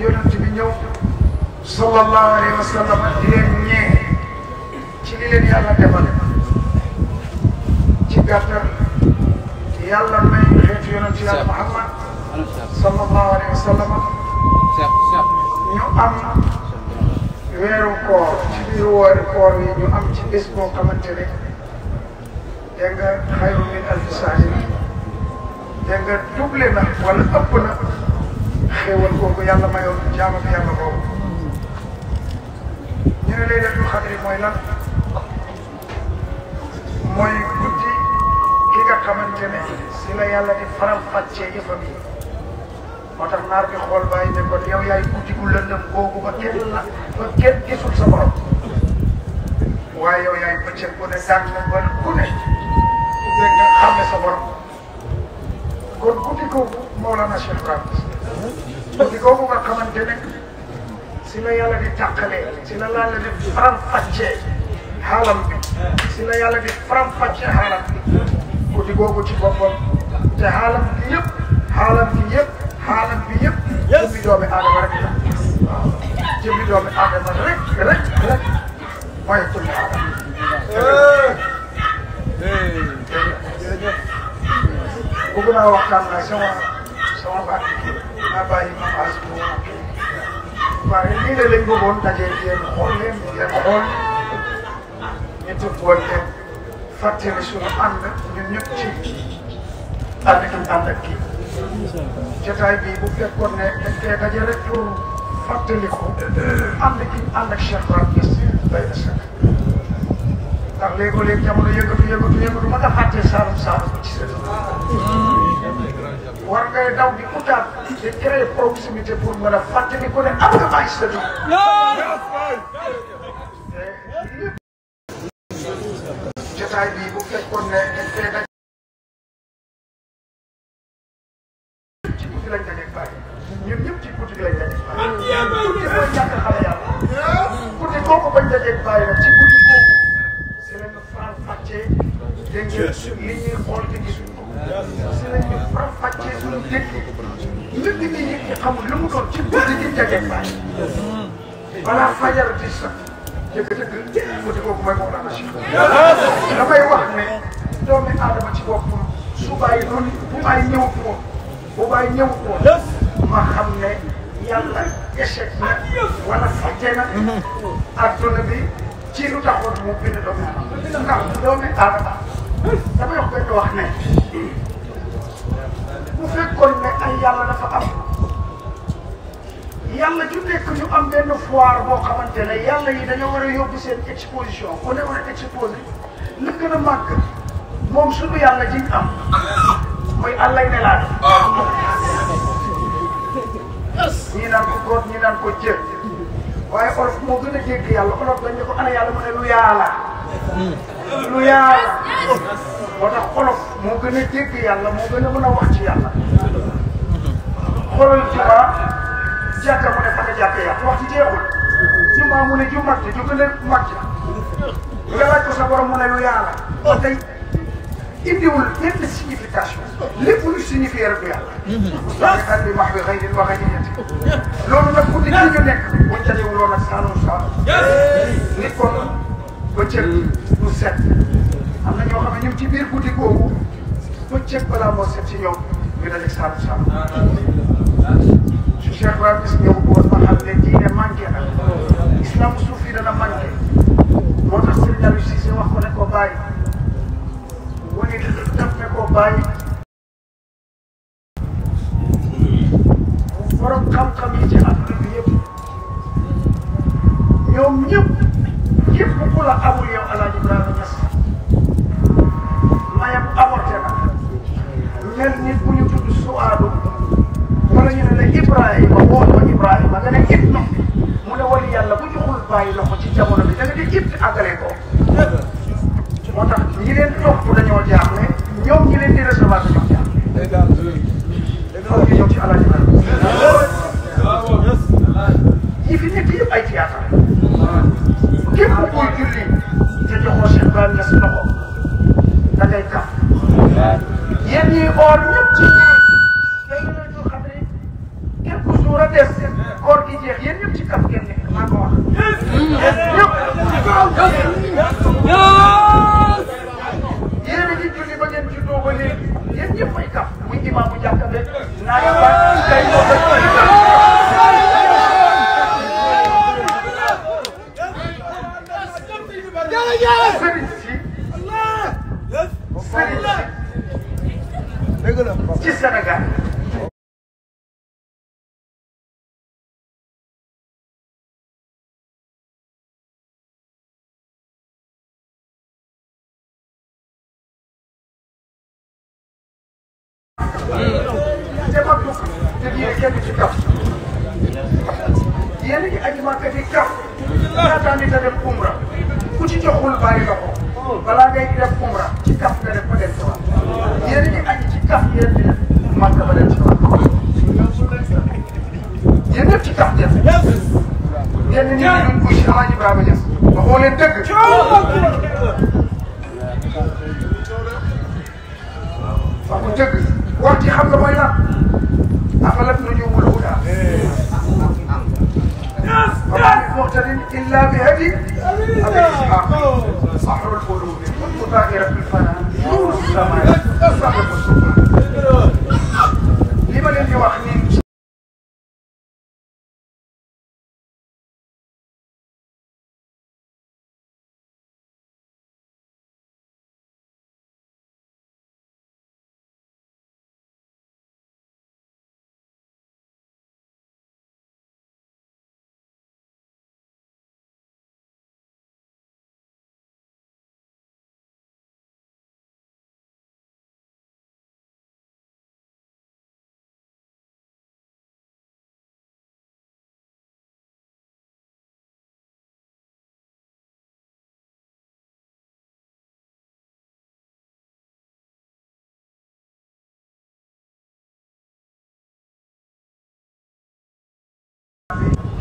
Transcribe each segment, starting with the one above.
yonent bi ñëw sallallahu alayhi wa sallam di leen ñee ci li leen yàlla defal ci gàttal yàlla may xeetu yonent yàlla Muhammad sallallahu alayhi wa sallam ñu am weeru koor ci biir woori koor yi ñu am ci bés boo xamante ne dégg nga min alfi sahri dégg nga wala ëpp xéewal kooku yàlla mayoon jaam ak yàlla boobu ñu mooy lan mooy guddi gi nga xamante ne si la yàlla di faral fàccee yëfam yi moo tax naar bi xool bàyyi ne kon yaay guddi gu lëndëm googu ba kenn la sa borom waaye yow yaay bëccëg ku ne daan na ba ku ne dégg nga xam ne sa borom kon guddi googu Mawlana Cheikh guddi googu nga xamante ne si la yàlla di tàqalee si la yàlla di faram-fàccee xaalam bi si la yàlla di faram-fàccee xaalam bi guddi googu ci boppam te xaalam bi yëpp xaalam bi yëpp xaalam bi yëpp jëmmi doomi aadama rek la waaw jëmmi doomi aadama rek rek rek mooy kulli aadama bëgg naa waxtaan nag sama sama baat naa bàyyi ma xaalis bu ma waaye lii de lañ bëggoon dajee yéen xool leen yéen xool ñu tëggoon leen fàttali suñu ànd ñun ñëpp ci ànd ki ànd ak kii jotaay bi bu fekkoon ne dañ koy daje rek pour fàttali ko ànd ki ànd ak Cheikh Bara Niass bay na sëkk ndax léegoo léeg jamono yëngatu yëngatu yëngatu mën a fàtte saalum saalum ci seen war ngay daw di utaat di créer proximité pour mën a fàttali ko ne am nga magistrat ci nit ñi xamul lu mu doon ci guddi gi jageeg baay balaa fajar di sax jëkk-jëkk guddi googu mooy Mawlana Cheikh damay wax ne doomi aadama ci boppam su bàyyi noonu bu bàyyi ñëwut woon bu bàyyi ñëwut woon ma xam ne yàlla échec na wala fajje na adduna bi ci lu taxoon mu bind doomi aadama ndax doomi aadama damay wax benn wax ne bu fekkoon ne ay yàlla dafa am yàlla ju nekk ñu am benn foire boo xamante ne yàlla yi dañoo war a yóbbu seen exposition ku ne war a exposé na gën a màgg moom suñu yàlla jiñ am mooy àllay ne laa ñii naan ko góor ñii naan ko jër waaye olof moo gën a dégg yàlla olof dañ ne ko ana yàlla mu ne lu yàlla lu yàlla moo tax olof moo gën a dégg yàlla moo gën a mën a wax ci yàlla xoolal ci jàkka mu ne fa nga jàkka yàq wax ci jeexul jumaa mu ne ju mag ja ju gën a mag ja nga laaj ko sa borom mu ne lu yàlla ba tey indiwul benn signification lépp lu signifié rek du yàlla. Hmm. daal di ànd max bi xëy na wax ak yéen. loolu nag ku nit ñi ñu nekk buñ tajewuloon ak saanum saanum. nit kon bëccëg du set. am na ñoo xam ne ñu ci biir guddi googu bëccëg balaa moo set ci ñoom ñu dajeeg saanum saanum. Ah, ah. Cheikh Ramis ñëw woon ma xam ne diine manqué na islam suuf yi dana manqué moo tax Serigne Aliou wax ko ne ko bàyyi wane daf ne ويلك أفلت نجوم الهدى صحر القلوب والمطائرة بالفنان نور السماء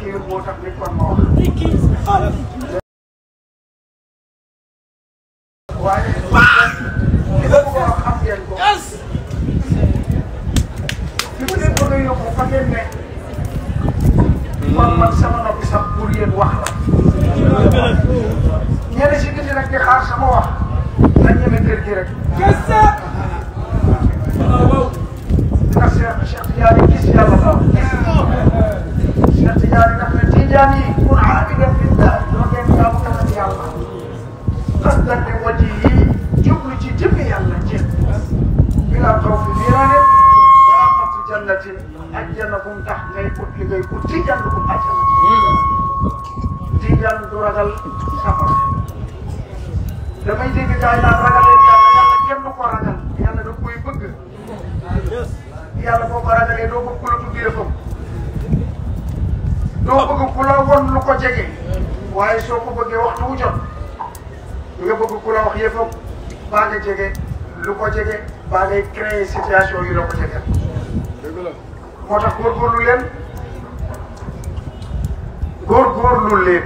kii moo tax nit kon ma wax. waaye li nga bëgg a wax am ngeen ko. li ma leen bëgg a yokku fa ngeen ne. man man sama noppi sax pour yéen wax la. ñeneen si gis rek di xaar sama wax. nañ ñeme kër gi rek. ndax Cheikh Cheikh yaa ngi gis yàlla Tijaani daf ne Tijaani yi kun aabidan lillah doo leen jaamu tamit yàlla xasdan ne wati yi jublu ci jëmmi yàlla jéem bila xawfi niiraane wala xawfi jannatin ajjana bu mu tax ngay ut li ngay ut Tijaan bu mu ajjana Tijaan du ragal safara damay dégg gars yi naan ragal leen yàlla yàlla kenn du ko ragal yàlla da koy bëgg yàlla boo ko ragalee doo ko kula tuddee ko doo bëgg ku la won lu ko jege waaye soo ko bëggee waxtu wu jot nga bëgg ku la wax yëfam baa nga jege lu ko jege baa ngay créer situation yu la ko jege moo tax góorgóorlu leen góorgóorlu leen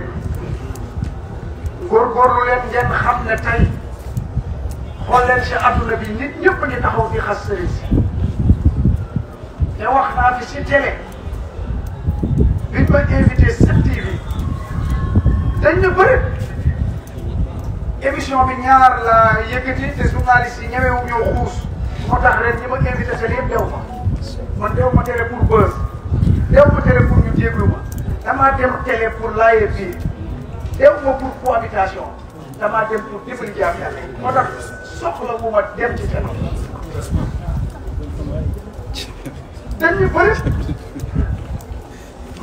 góorgóorlu leen ngeen xam ne tey xool si adduna bi nit ñëpp ngi taxaw di xas sëriñ si te wax naa fi si télé ma invité 7TV dañ na bëri émission bi ñaar laa yëkkati te journaliste yi ñëwee wu ñëw xuus moo tax ren ñi ma invité seen yëpp dew ma man dew ma télé pour buzz dew ma télé pour ñu déglu ma o dem télé pour laaye biir dew ma pour cohabitation damaa dem pour dimbali yàlla tax soxla wu ma dem ci dañ ñu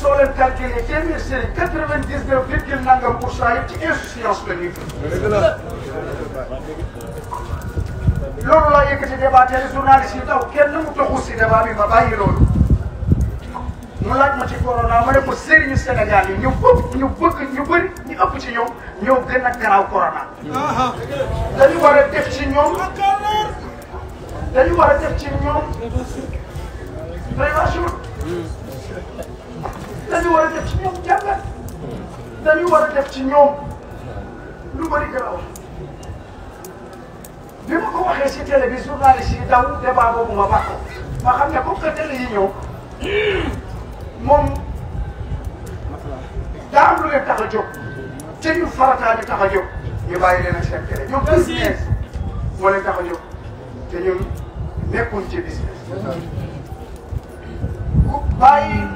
soo leen calculé seen i seen quatre vingt dix neuf virgule nangam pour cent yëpp ci insouciance la ñuy loolu laa yëkkati débat télé journaliste yi taw kenn mu taxul si débat bi ma bàyyi loolu mu laaj ma ci corona ma ne ko sëriñu Sénégal yi ñu bëgg ñu bëgg ñu bëri ñu ëpp ci ñoom ñoo gën a garaaw corona. dañu war a def ci ñoom dañu war a def ci ñoom prévention. dañu war a ci ñoom jàngat dañu war a ci ñoom lu bëri gën a wax bi ma ko waxee si télé bi journaliste yi daw débat boobu ma bàq ma xam ne comme que télé yi ñëw moom daa am lu leen tax a jóg te ñu farataa ñu tax a jóg ñu bàyyi leen ak seen télé ñoom business moo leen tax a jóg te ñun nekkuñ ci business bàyyi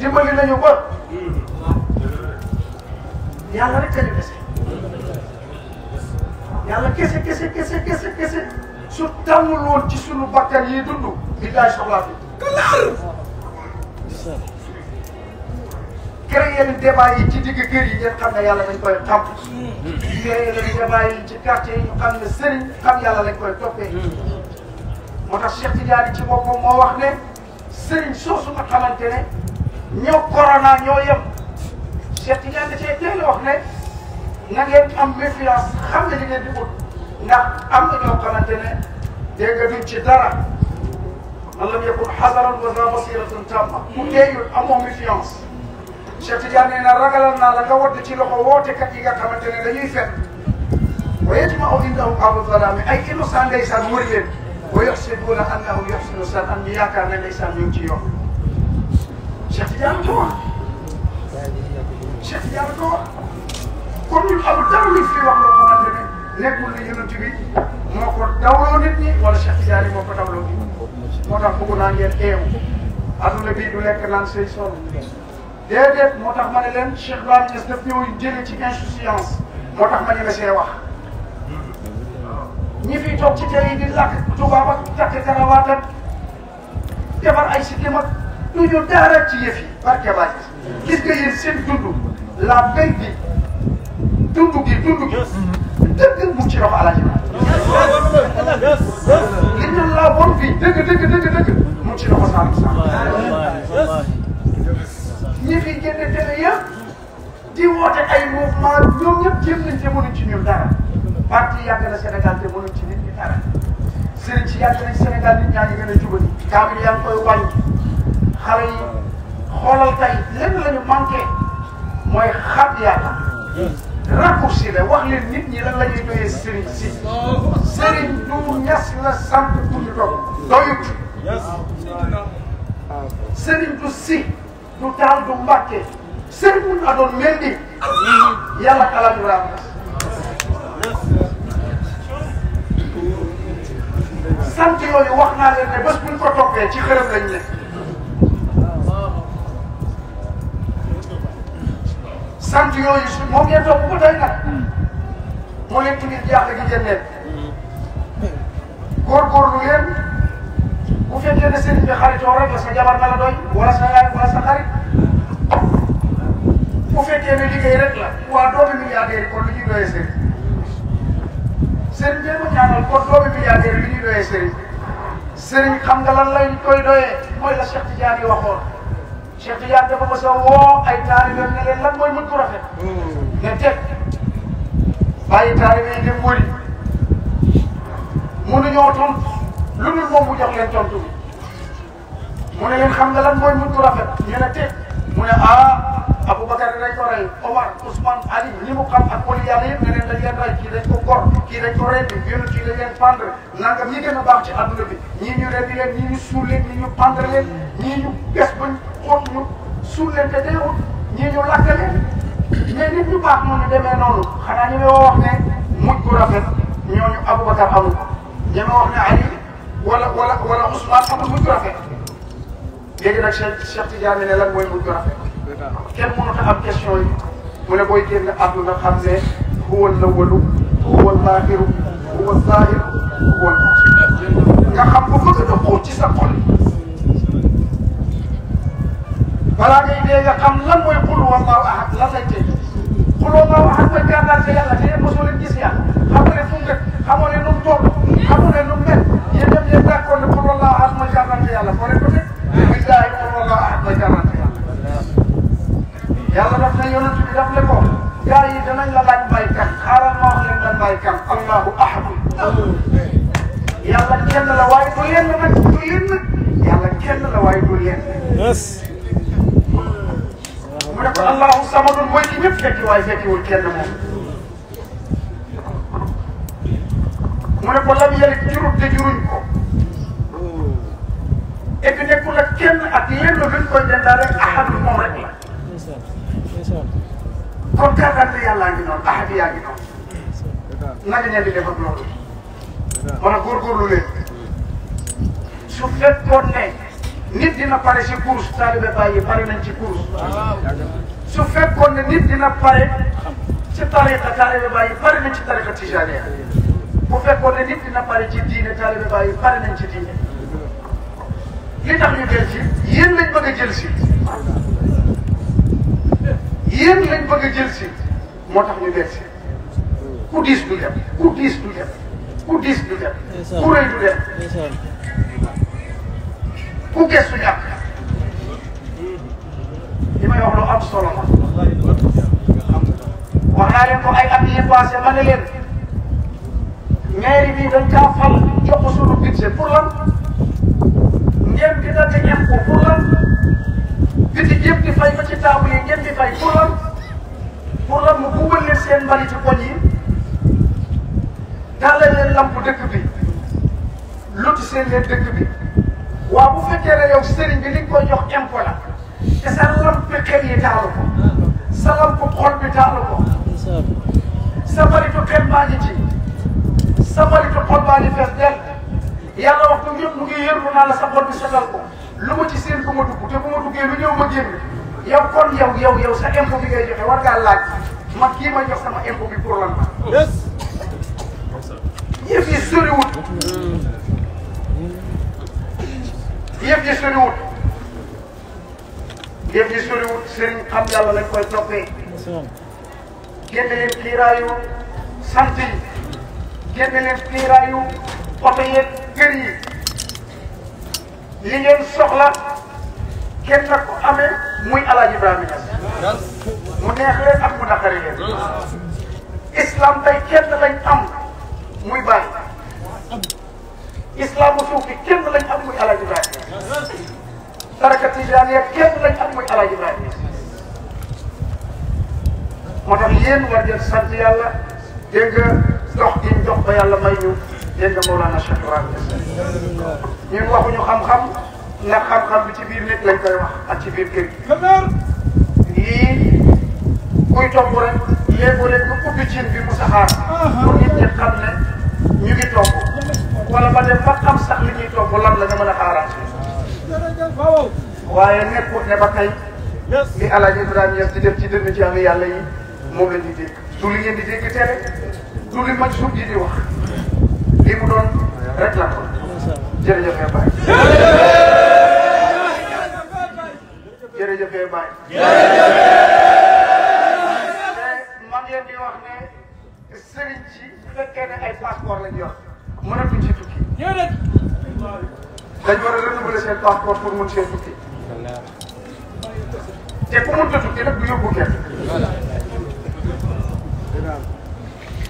dimbali nañu ba yàlla rek a ñu kese kese kese kese su tàmmul woon ci sunu bakkan yi dund di daay soxlaa fi kalaar créer leen débat yi ci digg kër yi ngeen xam ne yàlla dañ koy tàmp créer leen débat yi ci quartier yi ñu xam ne sëriñ xam yàlla lañ koy toppee moo tax Cheikh Tidiane ci boppam moo wax ne sëriñ soosu nga xamante ne ñëw corona ñoo yem Cheikh Tidiane da cee teel a wax ne na ngeen am méfiance xam ne li ngeen di ut ndax am na ñoo xamante ne dégg nga duñ ci dara man lam yakun xadaran wa za basiratan tamma mu teeyul amoo méfiance Cheikh Tidiane nee na ragalal naa la nga wadd ci loxo wootekat yi nga xamante ne dañuy fen wa yajmau indahum abu zalaami ay innocent ndeysaan wër leen wa yaxsibuuna annahu yaxsinu san am ñu yaakaar ne ndeysaan ñu ngi ci yoon Cheikh Tidiane ko wax Cheikh Tidiane ko wax kon ñun amul dara lu fi wax loo xamante ne nekkul ne yonent bi moo ko dawloo nit ñi wala Cheikh Tidiane moo ko dawloo nit ñi moo tax bëgg naa ngeen eewu adduna bii du lekk naan say sol déedéet moo tax ma ne leen Cheikh Bara Niass daf ñëw jëlee ci insouciance moo tax ma ñeme see wax ñi fi toog ci kër yi di làkk tubaab ak takk karawaat ak defar ay sikkim ak du ñu dara ci yëf yi barke baa gis gis nga yéen seen dund la benn bi dund gi dund gi dëgg mu ci loxo Alaaji Maalik li ñu la woon fii dëgg dëgg dëgg dëgg mu ci loxo Saalum Saalum ñi fi génn télé yëpp di woote ay mouvement ñoom ñëpp jéem nañ te mënuñ ci ñun dara parti yàgg na Sénégal te mënuñ ci nit ñi dara sëriñ ci yàgg nañ Sénégal nit ñaa ngi gën a jubali kaamil yaa ngi koy wàññi xale yi xoolal tey lenn la ñu manqué mooy xam yàlla raccourci la wax leen nit ñi lan la ñuy doyee Serigne si Serigne du ñas la sant pour ñu doog doyut du si du taal du mbàkke Serigne mun na doon mel ni yàlla kala ñu raam sant yooyu wax naa leen ne bés buñ ko toppee ci xërëm sant yooyu moom ngeen topp ko tey nag moo leen indi jaaxle gi ngeen nekk góorgóorlu leen bu fekkee ne sëriñ bi xaritoo rek la sa jabar na la doy wala sa yaay wala sa xarit bu fekkee ne liggéey rek la waa doomi milliardaire yi li ñuy doyee sëriñ sëriñ jéem a ñaanal kon doomi milliardaire yi li ñuy xam nga lan lañ koy doyee mooy la Cheikh Tidiane waxoon. Cheikh Tidiane dafa mos a woo ay taalibe ne leen lan mooy mën ku rafet. Hmm. ne teg bàyyi taalibe leen tontu bi mu ne leen xam nga lan mooy mën ku rafet ñu ne teg mu ne ah Aboubacar dañ ko rey Omar Ousmane Ali ak wali yàlla ne leen dañ leen rey kii dañ ko gor kii dañ ko rendi kii dañ leen pendre nangam ñi gën a baax ci àdduna bi ñii ñu rendi leen ñii ñu suul leen ñii leen ñii ñu bes bañ. xool ñu suul leen te teewul ñii ñu lakk leen mais nit ñu baax noonu demee noonu xanaa ñu ngi wax ne mujj bu rafet ñooñu Aboubacar amul ko ñu ngi wax ne wala wala wala Ousmane amul mujj bu rafet léegi nag Cheikh Cheikh Tidiane ne lan mooy mujj bu rafet kenn mënut a am question yi mu ne booy génn àdduna xam ne huwa al-awwalu huwa al-aaxiru huwa az-zaahiru huwa al-baatin nga xam bu bëgg a xóot ci sa xol balaa ngay dee nga xam lan mooy xul wallaahu ahad lan lay tey xul wallaahu ahad mooy gànnaar ca yàlla te mosoo leen gis yàlla xam nga ne fu mu dëkk xamoo ne nu mu toll xamoo ne nu mu mel yéen ñëpp yéen d'accord ne xul wallaahu ahad mooy gànnaar ca yàlla foo leen ko dégg billahi xul wallaahu ahad mooy gànnaar ca yàlla yàlla daf ne yonent bi daf ne ko gars yi danañ la laaj mbay kan xaaral ma wax leen lan mbay kan allahu ahad yàlla kenn la waaye du lenn nag du lenn yàlla kenn la waaye du lenn mu ne ko allahu samadun mooy ki ñëpp fekki waaye fekkiwul kenn moom. mu ne ko lam yalid jurut te juruñ ko. et que nekkul ak kenn ak lenn luñ koy dendaale ahadul moom rek la. kon kàttan bi yàllaa ngi noonu ahad yaa ngi noonu. naka ngeen di def ak loolu. mën a góorgóorlu leen. su fekkoon ne. nit dina pare si course taalibe bàyyi pare nañ ci course su fekkoon ne nit dina pare ci tariqa taalibe bàyyi pare nañ ci tariqa tijaniya bu fekkoon ne nit dina pare ci diine taalibe bàyyi pare nañ ci diine li tax ñu jël si yéen lañ bëgg a jël si yéen lañ bëgg a jël si moo tax ñu jël si ku diis du dem ku diis du dem ku diis du dem ku rëy du dem ku gestu ñu am li may wax lu am solo la wax naa leen ko ay at yii passé ma ne leen mairie kaa fal jox ko suñu budget pour lan ngeen di dagg ñepp ko pour lan bitig yëpp di fay ba ci table yi ngeen di fay pour lan mu buubal leen seen mbali ci koñ yi daal leen lamp dëkk bi loti seen leen dëkk bi waaw bu fekkee ne yow sëriñ bi li nga ko jox impôt la te sa lamp xel yi taalu ko sa lamp xol bi taalu ko sa baritu xel baa ngi ci sa baritu xol baa ngi fees del yàlla ko ñëpp mu ngi yërmu la sa xol bi setal ko lu ma ci seen bu ma dugg te bu ma duggee lu ñëw ma génn yow kon yow yow yow sa impôt bi ngay joxe war ngaa laaj ma kii ma jox sama impôt bi pour lan la. yëf ji soriwut yëf ji soriwut sëriñ xam yàlla lañ koy toppee génn leen kiiraayu sant yi génn oto yeeg kër yi li ngeen soxla kenn nag ko amee muy Alaaji Ibrahima Niass mu neex ak mu naqari leen islam tey kenn lañ am muy bàyyi islam suufi kenn lañ am muy El Hadj Ibrahima taraka tijaaniya kenn lañ am muy El Hadj Ibrahima moo tax yéen war ngeen sant yàlla dégg nga dox gi dox ba yàlla may ñu dégg nga Mawlana Cheikh Ibrahima ñun waxuñu xam-xam ndax xam-xam bi ci biir nit lañ koy wax ak ci biir kër gi. kuy topp rek léegoo leen nga ubbi cin bi mu saxaar pour nit ñi xam ne ñu ngi topp. wala ma dem ma xam sax li ñuy togg lan la nga mën a xaaraat waaye nekkut ne ba tey li El Hadj Ibrahima Niass di def ci dënn ci am yàlla yi moom la ñuy dégg du li ngeen di dégg télé du li maj suuf ji di wax li mu doon rek la ko jërëjëf yaa bàyyi. jërëjëf yaa bàyyi. mais ma di wax ne sëriñ ci bu fekkee ne ay passeport lañ yor déedéet dañ war a renouveler seen passeport pour mun see tukki te ku mënta tukki nag du yóbbu kenn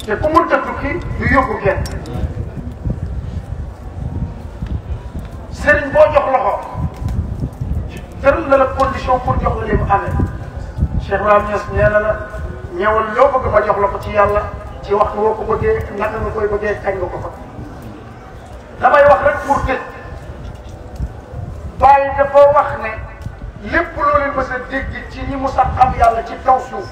te ku mënta tukki du yóbbu kenn sëriñ boo jox loxo tëral na la condition pour jox la li mu amee Cheikh Ibrahima Niass nee na la ñëwal loo bëgg ma jox la ko ci yàlla ci waxtu woo ko bëggee naka nga koy bëggee kañ nga ko fa. dégg ci ñi mu sax xam yàlla ci kaw suuf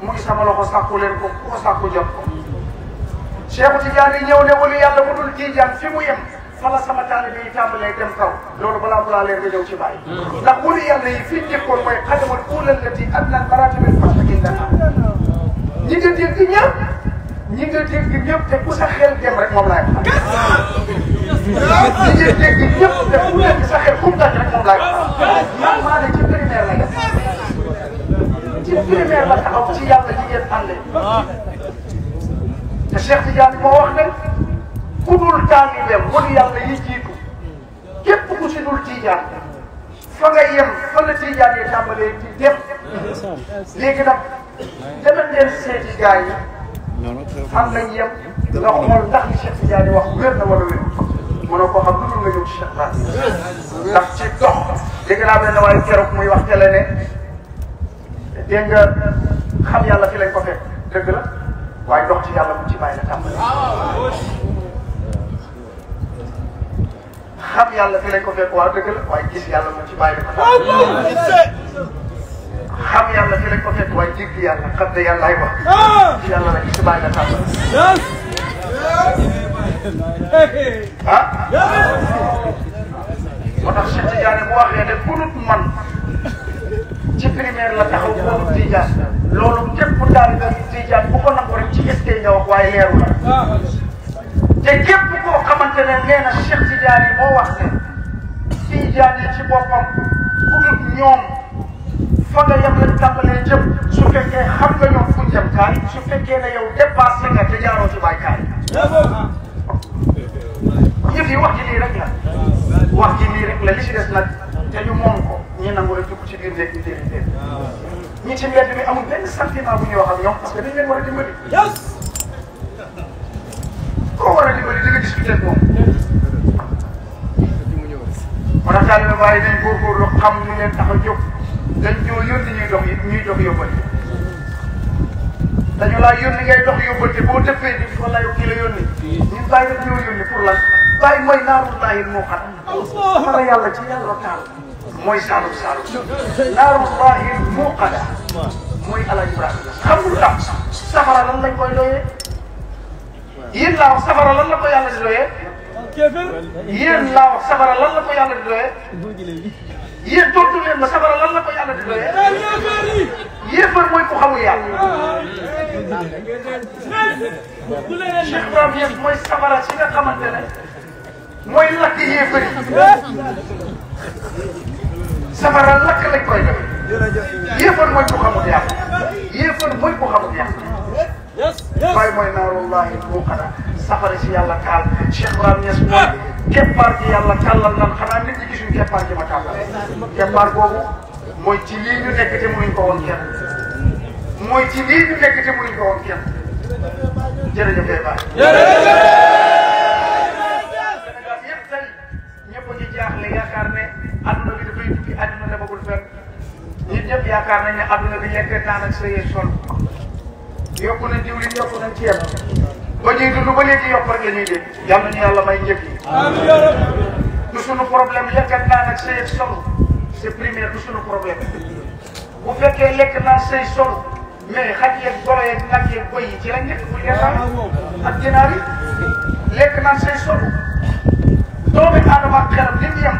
muy sama loxo sàkku leen ko ko sàkku jot ko Cheikh Tidiane ñëw ne wala yàlla mu dul Tidiane fi mu yem fala sama taalibe yi tàmbalee dem kaw loolu balaa mu laa leen nga ñëw ci bàyyi ndax wala yàlla yi fi njëkkoon mooy xadamal uulal la ti ak naan maratibel fasaki dana ñi nga dégg ñëpp ñi nga dégg ñëpp te ku sa xel dem rek moom laay te Cheikh Tidiane moo wax ne ku dul taalibeem wala yàlla yi jiitu képp ku si dul Tidiane fa nga yem fa la Tidiane yi tàmbalee di dem léegi nag demal leen seeti gars yi fan lañ yem nga xool ndax li Cheikh Tidiane wax wér na wala wér. mënoo ko xam lu dul nga ñëw ci Cheikh Ibrahim ndax ci dox dégg naa muy wax ca ne dégg xam yàlla fi lañ ko la waaye dox ci yàlla mu ci bàyyi la tàmbali xam yàlla fi lañ ko fekk waaw dëgg la yàlla mu ci bàyyi la ko xam yàlla fi lañ ko fekk waaye dégg yàlla xam ne ah! yàlla ay wax ci ah. moo tax Cheikh Tidiane bu waxee ne kunut man ci primaire la taxaw kunut Tidiane loolu képp daal nga Tidiane bu ko nangu rek ci ST nga wax waaye leeru la te képp koo xamante ne nee na Cheikh Tidiane moo wax ne Tidiane ci boppam kunut ñoom fa nga yem la tàmbalee jëm su fekkee xam nga ñoom fu ñu jëm kaay su fekkee ne yow dépassé nga te jaaroo ci bàyyi kaay. lii wax ji lii rek la wax ji lii rek la li ci des nag te ñu moom ko ñi nangu rek dugg ci biir nekk ñu dégg dégg ñi ci mbedd mi amul benn sentiment bu ñuy wax ak ñoom parce que dañ leen war a dimbali. koo war a dimbali di nga discuter ak moom. kon ak daal la bàyyi nañ góorgóorlu xam ñu leen tax a jóg dañ ñoo yónni ñuy dox ñuy dox yóbbante dañu laa yónni ngay dox yóbbante boo tëppee di fa la kii la yónni ñu bàyyi ñoo yónni pour lan. bàyyi mooy naarullahi moo xam. ma yàlla ci yàlla taal mooy saalum saalum. naarullahi moo xam mooy ala ibrahima xam lu tax safara lan lañ koy doyee yéen laa wax safara lan la ko yàlla di doyee. yéen laa wax safara lan la ko yàlla di doyee. yéen tontu leen ma safara lan la ko yàlla di doyee. yéefar mooy ku xamul yàlla. Ah, ah. Cheikh Ibrahima mooy safara si nga xamante ne. mooy lakk yéefar yi safara lakk lañ koy def yéefar mooy ku xamul yàlla yéefar mooy ku xamul yàlla waaye mooy naarullahi muuqada safara si yàlla taal Cheikh Ibrahim Niass mooy keppaar gi yàlla tàllal lan xanaa nit ñi gisuñ keppaar gi ma tàllal keppaar boobu mooy ci lii ñu nekk te mënuñ ko woon kenn mooy ci lii ñu nekk te mënuñ ko woon kenn jërëjëf Baye ñëpp yaakaar nañ ne adduna bi lekk naan ak sëyee sol yokku na diwlin yokku na ceeb ba ñuy dund ba léegi yokk rek la ñuy dégg yal nañu yàlla may njëkk yi. du suñu problème lekk naan ak sëyee sol c'est primaire du suñu problème bu fekkee lekk naan sëy sol mais xaj yeeg golo yeeg nag yeeg bëy yi ci lañ nekk bu ngeen am ak ginaar yi lekk naan sëy sol doomi aadama ak xelam li mu yem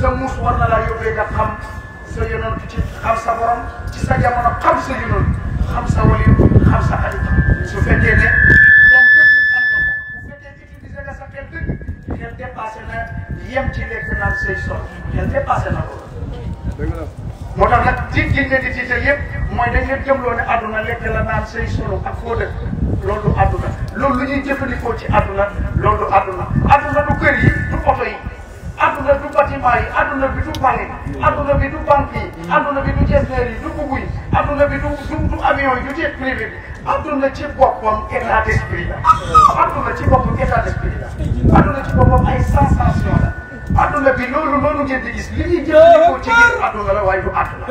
sa muus war na laa yóbbee nga xam. sa yonent ci xam sa borom ci sa jamono xam sa yonent xam sa waliyu xam sa xarit su fekkee ne moom dëgg am na ko bu fekkee utilisé nga sa xel dëgg xel dépassé na yem ci lekk naan say sol xel dépassé na ko. moo tax nag tiit gi ngeen di tiital yëpp mooy dañ leen jëmloo ne àdduna lekk la naan say solo ak foo dëkk loolu du àdduna loolu lu ñuy jëfandikoo ci àdduna loolu du àdduna àdduna du kër yi du oto yi àdduna du bâtiment yi àdduna bi du palais adduna bi du banque yi adduna bi du gestionnaire yi du bugg yi adduna bi du du avion yi du jet privé bi adduna ci boppam état d'esprit la adduna ci boppam état d'esprit la adduna ci boppam ay sensation la adduna bi loolu loolu ngeen di gis li ñuy jëfandikoo ci biir adduna la waaye du adduna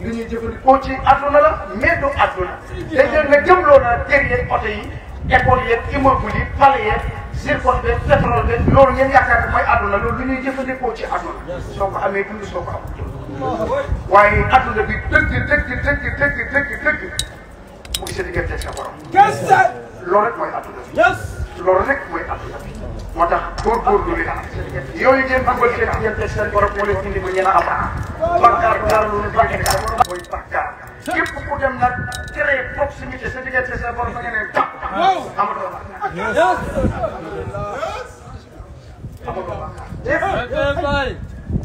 li ñuy jëfandikoo ci adduna la mais du adduna dañ leen na jëm loolu la derrière oto yi école yeeg immeuble yi palais yeeg zircon beeg pétrole beeg loolu ngeen yaakaar ne mooy àdduna loolu lu ñuy jëfandikoo ci àdduna soo ko amee dund soo ko am waaye àdduna bi dëgg dëgg dëgg dëgg dëgg dëgg mu ngi sa diggante sa borom. loolu rek mooy àdduna bi. loolu rek mooy àdduna bi. moo tax góorgóorlu bi yooyu ngeen dugal seen diggante seen borom moo leen indi ba ngeen a am bakkaar daal loolu bakkaar mooy bakkaar képp ku dem nag créé proximité sa diggante seen borom ba ngeen a tàpp amatoo bakkaar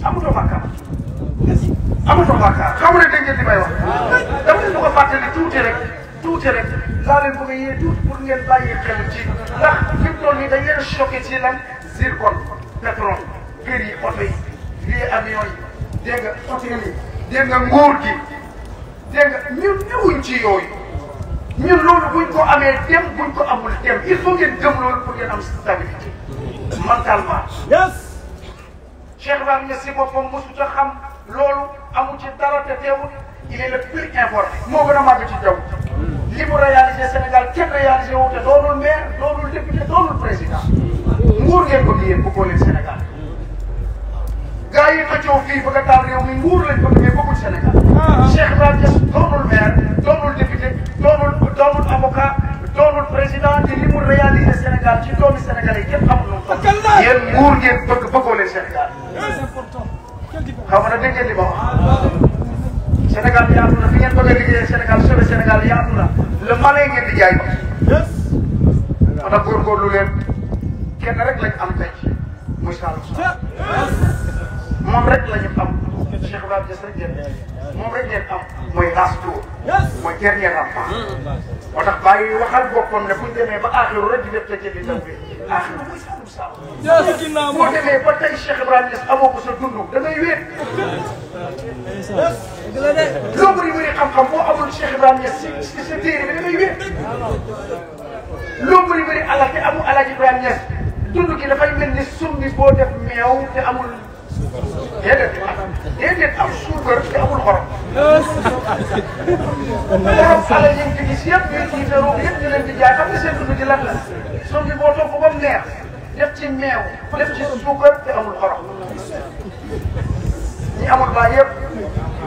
amatoo bakkaar amatoo bakkaar xam nga dégg ngeen li may wax dama leen ko fàttali tuuti rek tuuti rek laa leen bëgg a yee tuuti pour ngeen bàyyi xel ci ndax fi mu toll nii dañ leen choqué ci lan zircon pétrole kër yi oto yi lii avion yi dégg nga hôtel yi nga nguur gi dégg nga ñun ñëwuñ ci yooyu ñun loolu buñ ko amee dem buñ ko amul dem il faut ngeen gëm loolu pour ngeen am stabilité mentalement. yes. Cheikh Ibrahima Niass si boppam mosut a xam loolu amu ci dara te teewul il est le plus important moo gën a màgg li mu réalisé Sénégal kenn réalisé wu te doonul maire doonul député doonul président nguur ngeen bëgg yéen bëggoo leen Sénégal gaa yi xëccoo fii bëgg a taal réew mi nguur lañ bëgg mais bëggul Sénégal Cheikh Bara Diass doonul maire doonul député doonul doonul avocat doonul président te li mu réalisé Sénégal ci doomi Sénégal yi kenn xamul noonu yéen nguur ngeen bëgg bëggoo leen Sénégal xaw ma na dégg ngeen li ma wax Sénégal yaatu na fi ngeen bëgg a liggéeyee Sénégal sauvé Sénégal yaatu na le malin ngeen di jaay ma. moo tax góorgóorlu leen kenn rek lañ am tey muy Saloum Sall moom rek la ñu am Cheikh Ibrahima Niass rek ngeen moom rek ngeen am mooy last tour mooy dernier rempart. moo tax bàyyi waxal boppam ne bu ñu demee ba aaxiru rek di def te jëndi taw bi aaxiru mooy Saloum Sall. boo demee ba tey Cheikh Ibrahima Niass amoo ko sa dund da ngay wéet. loo bëri bëri xam-xam boo amul Cheikh Ibrahima si si sa téere bi dangay wér loo bëri bëri alal te amul alal Ibrahima Niass dund gi dafay mel ni summi boo def meew te amul déedéet déedéet am suukar te amul xorom xorom alal yi nga gis yëpp yëpp yi daroo yëpp ñu leen di jaay xam nga seen dund gi lan la summi boo togg ba mu neex def ci meew def ci suukar te amul xorom ñi amul baa yëpp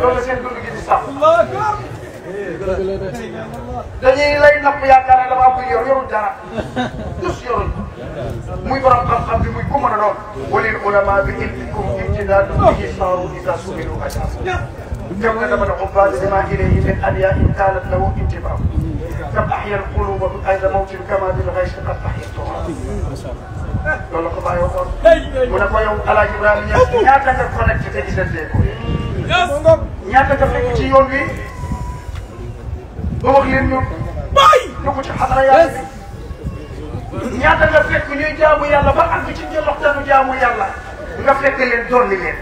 loolu la seen dund gi di sax. dañuy lay napp yaakaar ne damaa bëgg yor yorul dara. tous yorul muy borom xam-xam bi muy ku mën a doon. walil ulama bi ilmikum imtinaanu bihi saaru isa sumilu ajab. كم ندم العباد لما اليه من الياء كانت له انتباه كم احيا القلوب من اين موت كما بالغيث قد احيا التراب loolu la ko bàyyi waxoon mu ne ko yow El Hadj Ibrahima ñaata nga connecté te gisante ko ñaata nga fekk ci yoon wi ba wax leen ñu bay dugg ci xadara yàlla bi ñaata nga fekk ñuy jaamu yàlla ba àgg ci njëloxtanu jaamu yàlla nga fekk leen dolli leen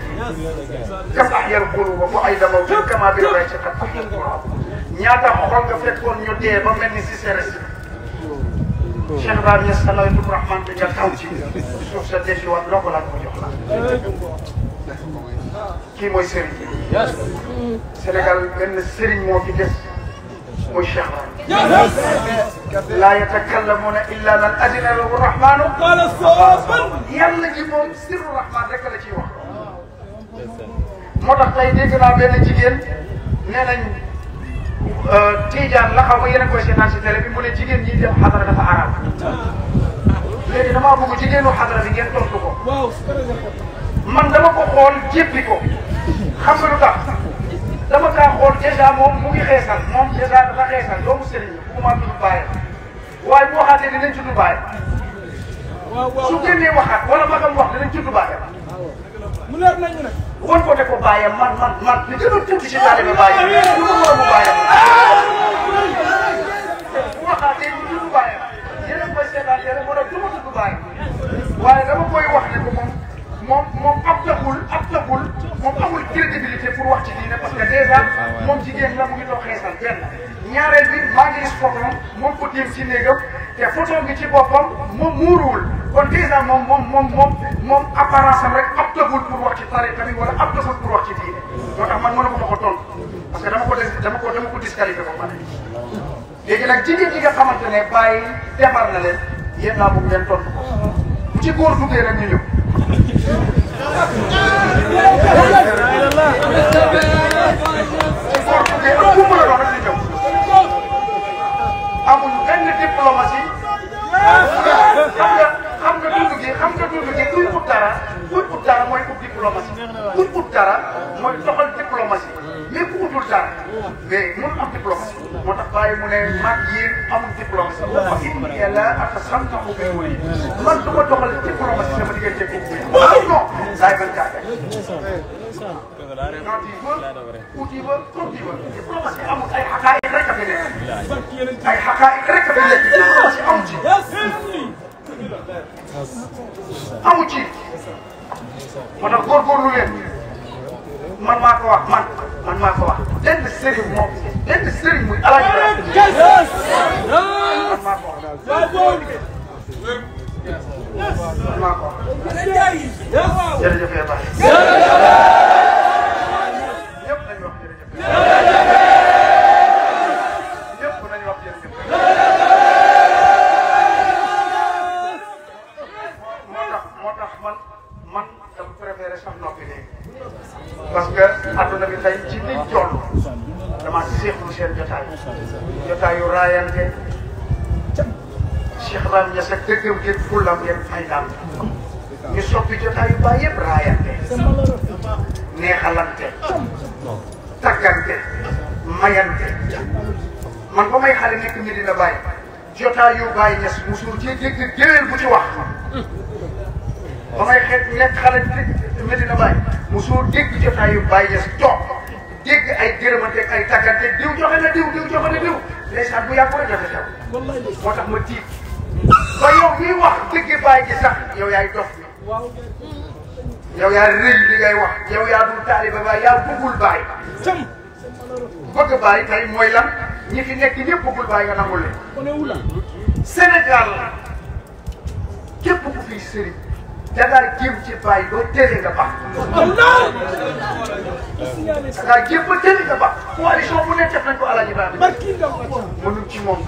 kam ahyal quluba wa ayda mawtin kama bi rayti qad ahyal qurab ñaata xol nga fekkoon ñu dee ba mel ni si seres Cheikh Ibrahima Niass salaatu rahman bi nga taw ci suuf sa defi woon loo ko laaj ko jox la كي سنغال بن سيرن مو في ديس مو لا يتكلمون الا من اذن له الرحمن قال الصواب يلا جي موم سر الرحمن رك لا تي واخ موتاخ تاي ديغ نا بن جيجين نانا تيجان لا خا مو يينكو سي نان سي تيلي مو ني جيجين ني ديم حضر دا عرب لكن ما بوكو جيجينو حضر دي جين توكو واو man dama ko xool jéppi ko xam nga lu dama kaa xool dèjà moom mu ngi xeesal moom dèjà dafa xeesal doomu sëriñ bi bu ma tudd bàyyi waaye bu waxaatee dinañ tudd bàyyi su génnee waxaat wala magam wax dinañ tudd bàyyi mu ne nañu nag wan ko te ko bàyyam man man man li a tuuti si taalibe bàyyam lu ko a dèjà moom jigéen la mu ngi doon xeesal benn ñaareel bi maa ngi gis moom ko tiim ci néegam te photo bi ci boppam moom muuruwul kon dèjà moom moom moom moom moom apparence rek ab tagul pour wax ci tariqa bi wala ab tagul pour wax ci diine moo tax man mënuma ko tontu parce que dama ko des dama ko dama ko disqualifié ko man léegi nag jigéen ñi nga xamante ne bàyyi defar na leen yéen laa bëgg ngeen tontu ko bu ci góor duggee nag ñu xam nga xam nga dund gi xam nga dund gi kuy ut dara kuy ut dara mooy ut diplomatie kuy ut dara mooy doxal diplomatie mais ku utul dara mais mun am diplomatie moo tax bàyyi mu ne man yéen amul diplomatie wa inni la atasamtahu bi wali man du ma doxal diplomatie sama diggante ko wéy ah, non laay ban kàdda non diiba ku diiba ku diiba diplomatie amul ay xaqaay rek a fi nekk ay xaqaay rek a fi nekk diplomatie amul ci amu ci moo tax góorgóorlu leen man maa ko wax man man maa ko wax benn sëriñ moom benn sëriñ muy alaaji man maa ko wax man maa ko wax jërëjëf sa dëggam yëg fulam yëg faydaam ñu soppi jotaayu baay yëpp raayante neexalante taggante mayante man ba may xale nekk mi dina bàyyi jotaayu baay ñes musul dégg géwél bu ci wax ba may xeet nekk xale dégg joxe na diw diw joxe na diw ndeysaan bu yàgg rek dafa xew moo tax ma tiit ba yow miy wax dëgg bàyyi ji sax yow yaay dof yow yaa rëy li ngay wax yow yaa dul taaliba ba yaa bëggul bàyyi bëgg bàyyi tey mooy lan ñi fi nekk ñëpp bëggul bàyyi nga nangul leen Sénégal képp ku fiy sëriñ dangaa jéem ci bàyyi ba tële nga baax. dangaa jéem ba tële nga baax. coalition bu ne def nañ ko El Hadj Ibrahima mënuñ ci moom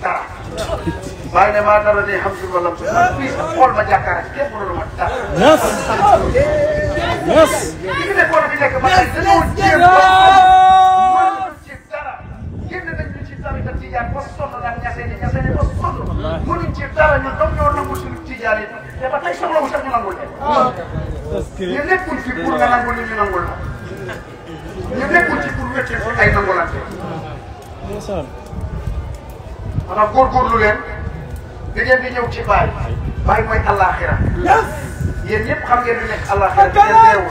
maa ne maa dara de xam si wala am sa fii xool ma jàkkaar ak képp loolu ma tax. yes. yes. li fi nekkoon a fi nekk ba tey dañoo jéem ba mënul ci dara génn nañu ci tamit ak tijaan ba sonn la ak ñasee ni ñasee ni ba sonn mënuñ ci dara ñu doom ñoo nangu suñu tijaan yi te ba tey soxla wu sax ñu nangul leen. Ah. ñu nekkul fi pour nga nangul ñu nangul la. ñu nekkul ci pour wéccee ay nangulante. maanaam góorgóorlu leen. nga ngeen di ñëw ci baay baay mooy àllaaxira yéen ñëpp xam ngeen di nekk àllaaxira di ngeen deewul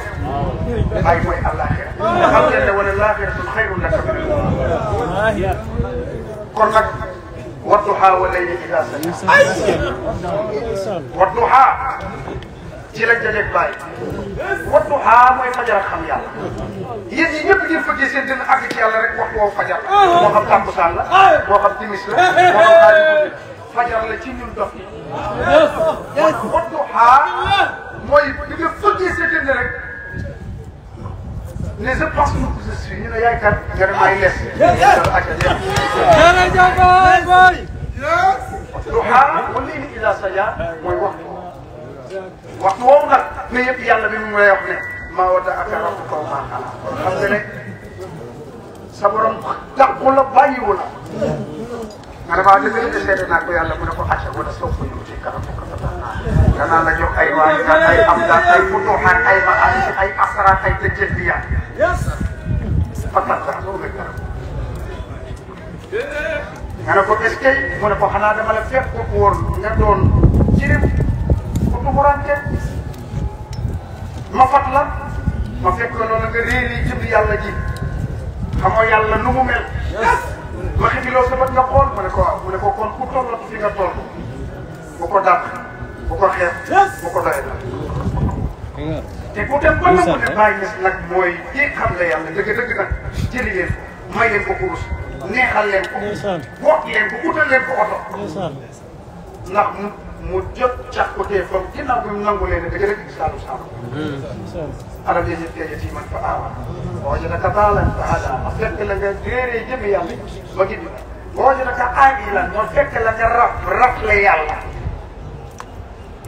baay mooy àllaaxira xam ngeen ne wala laaxiratul xayrun laka kon nag wadduha wa layli idaa saja wadduha ci lañ dajeeg baay wadduha mooy fajar ak xam yàlla yéen ñi ñëpp ngeen fëggee seen dina àgg ci yàlla rek waxtu woo fajar moo xam tàkkusaan la moo xam timis la moo xam fajar la ci ñun dof yi. yes yes Wadduha mooy bi nga fëggee sa jënd rek ne je pense que je suis ñu ne yaay kat nga ne maay les. jërëjëf waay waay. Wadduha wal-layli idha sajaa mooy waxtu waxtu woowu nag ne yëpp yàlla bi mu lay wax ne maa wadda'aka rabbuka wa maa qala xam nga ne sa borom dàqu la bàyyiwu la. ma ne maa dëgg la seede naa ko yàlla mu ne ko acca wala soog ko ñëw ci kanam ko sa danaa la jox ay waay ay am daal ay futuxaat ay ma ay ay tëjjëf bi yaat fatal sax loolu la kanam nga ne ko est-ce ne ko xanaa dama la fekk ko woon nga doon jirim ku tuxurante ma fat ma fekk la loolu nga réer yi jëm yàlla ji xamoo yàlla nu ma xindiloo sa bët nga xool mu ko waaw mu ne ko kon ku nga toll bu ko dàq bu ko xeeb bu ko doyee daal. te ku dem ba nangu ne bàyyi ñes nag mooy kii xam la yàlla dëgg-dëgg nag jëli leen ko may leen ko kurus neexal leen ko. bokk leen ko utal leen ko oto. mu mu jot càq ko téye foofu ginnaaw bi mu nangu leen ne dëgg-dëgg gis naa lu alam yajidka yatiiman fa aawa wa wajadaka daalan fa hadaa ma fekk la nga réeree jëm yàlla ba gindi la wa wajadaka aajilan ma fekk la nga raf raf la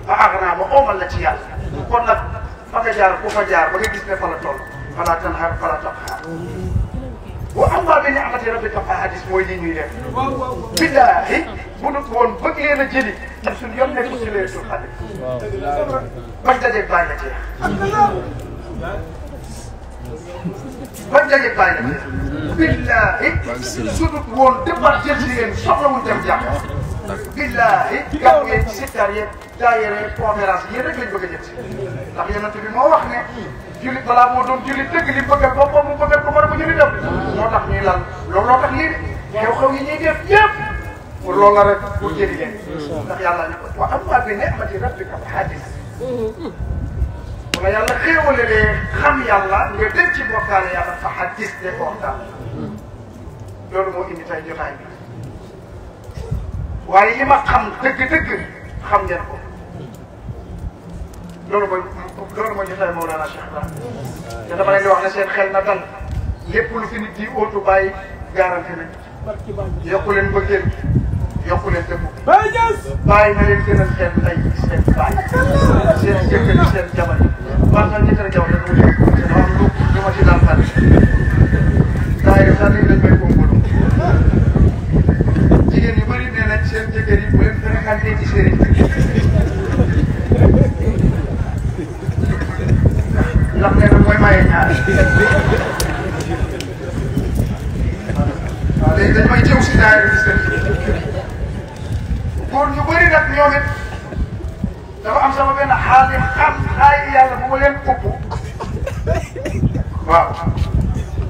fa aghnaa ma oomal la ci yàlla fa nga ku fa jaar ba nga gis ne fa la toll fala tanhar fala wa ammaa bi ni'mati rabbika fa hadis mooy lii ñuy def billaahi bu dul woon bëgg leen a jëli suñu yoon nekk si leen tur kon jaajëf bàyyi na ma. billaahi. sunu woon départ jël si leen soxlawul dem jàpp. billaahi. gàmmu yeeg sikkar yeeg daayira yeeg conférence yéen rek lañ bëgg a jël si. ndax yonent bi moo wax ne. jullit balaa moo doon jullit dëgg li bëggal boppam mu bëggal ko pare bu ñu di def. moo tax ñuy lal looloo tax lii de. xew-xew yi ñuy def yëpp. pour loolu la rek pour jëli leen. ndax yàlla ne ko wa amma bi ni'mati rabbika fa haddis ma yàlla xéewale lee xam yàlla nga dem ci bokkaale yàlla fa xaddis de bokkaale loolu moo indi tey jotaay bi waaye li ma xam dëgg-dëgg xam ngeen ko loolu mooy loolu mooy jotaay Mawlana Cheikh Ibrahim te dama leen di wax ne seen xel na dal lépp lu fi nit di ootu bàyyi garanti nañ yokku leen bëggeel yokku leen dëggu bàyyi na leen gënal seen ndey seen baay seen jëkkër seen jabar man sax ñi tërëjëf rek mu jëm te ma am lu lu ma si daan fàtte saa yu sax dañu leen may góorgóorlu jigéen yu bëri nee nañ seen jëkkër yi bu leen fréquenté ci sëriñ ndax nee na mooy maye ñaar waaw léegi dañ may jëw si daayira bi góor ñu bëri nag ñoom it dafa am sama benn xaali xam xaali yàlla bu ma leen ëpp waaw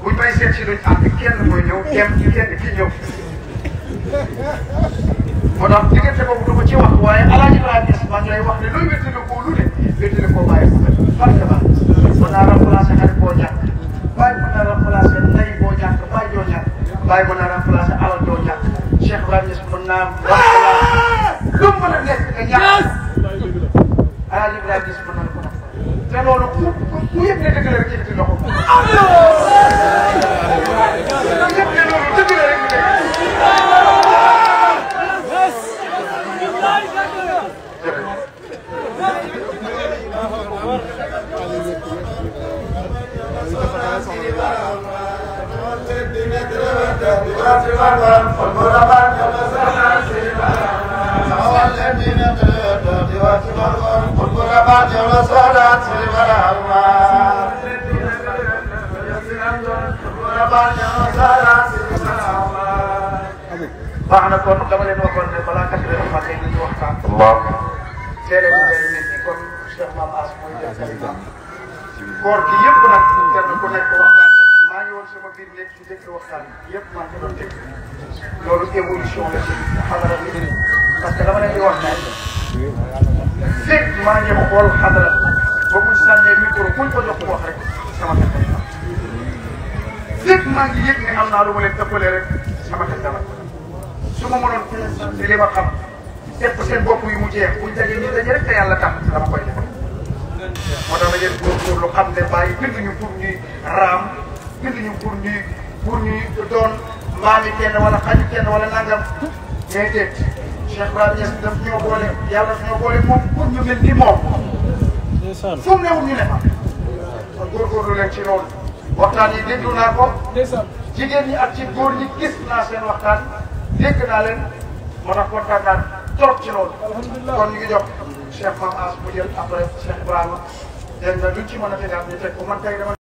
buñ may seet si duñ ànd kenn mooy ñëw kenn kenn ki ñëw moo tax diggante boobu du ma ci wax waaye alaaji Ibrahima Niass maa ngi lay wax ne loolu wéttali koo lu ne wéttali koo bàyyi ko parce que mën naa remplacé xarit boo ñàkk bàyyi mën naa remplacé ndey boo ñàkk bàyyi doo ñàkk bàyyi mën naa remplacé alal doo ñàkk Cheikh Ibrahima Niass mën naa remplacé ah! lu mën a nekk nga ñàkk kuyu Allah, ala li laa gis mën na ko te loolu ku ku yëpp ne dëgg la rek yëkkati loxo. am na loolu yëpp ne loolu dëgg la rek nekk. jërëjëf. غربات وصلات الغرامات غربات وصلات الغرامات baax na kon dama leen waxoon ne balaa kat leen wax tey ñu waxtaan. waaw. seede bi benn nit ñi kon Cheikh Mame Ass mooy jël kalima koor gi yëpp nag kenn ku nekk waxtaan maa ngi woon sama biir nekk ci dëkk waxtaan yëpp maa ngi doon dégg loolu évolution la ci xamara bi parce que dama leen di wax ne maa a ñëw xool xadara ba mu sànnee micro kuñ ko jox wax rek sama xel day dal lépp maa ngi yëg ne am naa lu ma leen sama xel dal su ma mënoon ci li ma xam def ko seen bopp yu mu jeex buñ daje rek te yàlla tax dama koy def moo tax na ngeen góorgóorlu xam ne bàyyi bind ñu pour ñuy raam bind ñu pour ñuy pour ñuy doon mbaami kenn wala xaju kenn wala nangam mais déet Cheikh Babi Niass daf ñoo boole yàlla daf ñoo boole moom pour ñu mel ni moom. ndeysaan fu mu newul ñu ne fa. kon góorgóorlu ci loolu. waxtaan yi déglu naa ko. ndeysaan jigéen ñi ak ci góor ñi gis naa seen waxtaan dégg naa leen ma tax kontaan naa trop ci loolu. alhamdulilah kon ñu ngi jox Cheikh Mame As mu jël après Cheikh Ibrahima dégg nga duñ ci mën a tegaat ñu teg ko man tey dama.